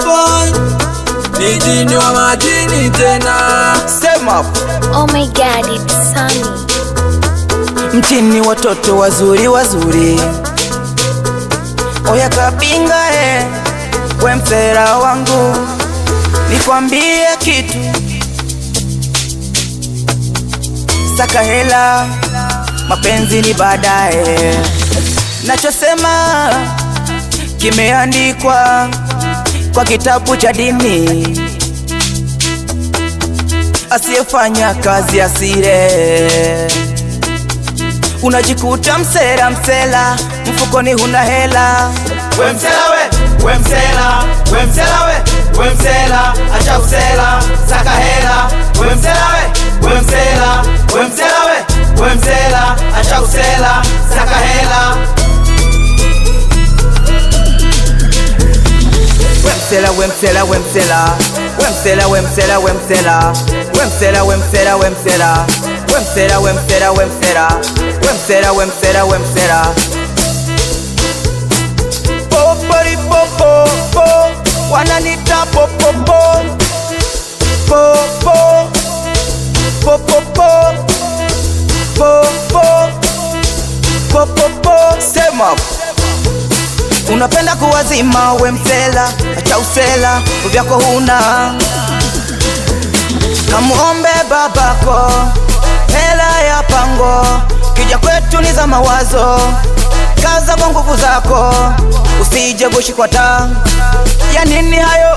Konde boy Nijini wa majini tena Sema Oh my god it's sunny Mchini watoto wazuri wazuri Oya kapinga eh We mfera wangu Nikwambie kitu Saka hela Mapenzi ni baadaye Nachosema Kimeandikwa kwa kitabu cha dini, asiyefanya kazi asile. Unajikuta msela msela, mfukoni huna hela. We msela we, we msela, we msela we, we msela, acha usela, saka hela, we msela we Wham! Wemsela, Wham! Wemsela, Wham! Wemsela. Wham! Wemsela, Wham! Wemsela, Wham! Wemsela. Wham! Wemsela, Wham! Popori popo po. Wham! popo po. Popo. Popo po. Wham! Popo po. Sema. Unapenda kuwazima we mfela acha usela, uvyako huna. Kamuombe babako hela ya pango, kija kwetu ni za mawazo. Kaza kwa nguvu zako, usije kwa ta ya nini hayo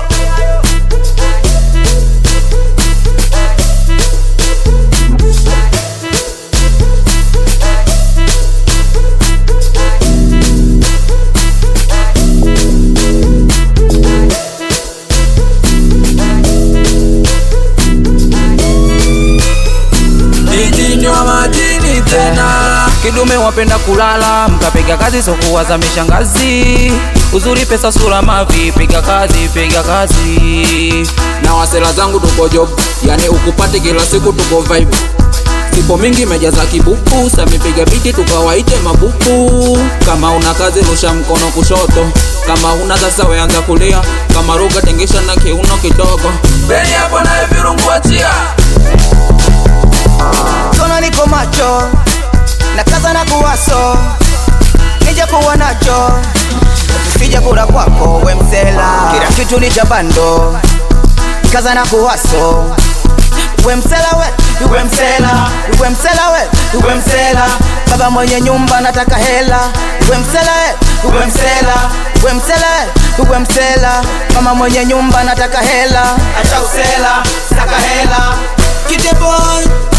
kidume wapenda kulala, mkapiga kazi so kuwaza mishangazi, uzuri pesa sura mavi, piga kazi, piga kazi. Na wasela zangu tuko job, yani ukupate kila siku tuko vibe, sipo mingi meja za kibuku, samipiga biti tukawaite mabuku. Kama una kazi rusha mkono kushoto, kama una sasa weanza kulia, kama ruga tengesha na kiuno kidogo. maso nijapo wanacho tusija kwako wemsela msela, kila kitu ni cha bando, kaza na kuwaso we we we msela we msela baba mwenye nyumba nataka hela we we we msela we msela mama mwenye nyumba nataka hela, acha usela saka hela kite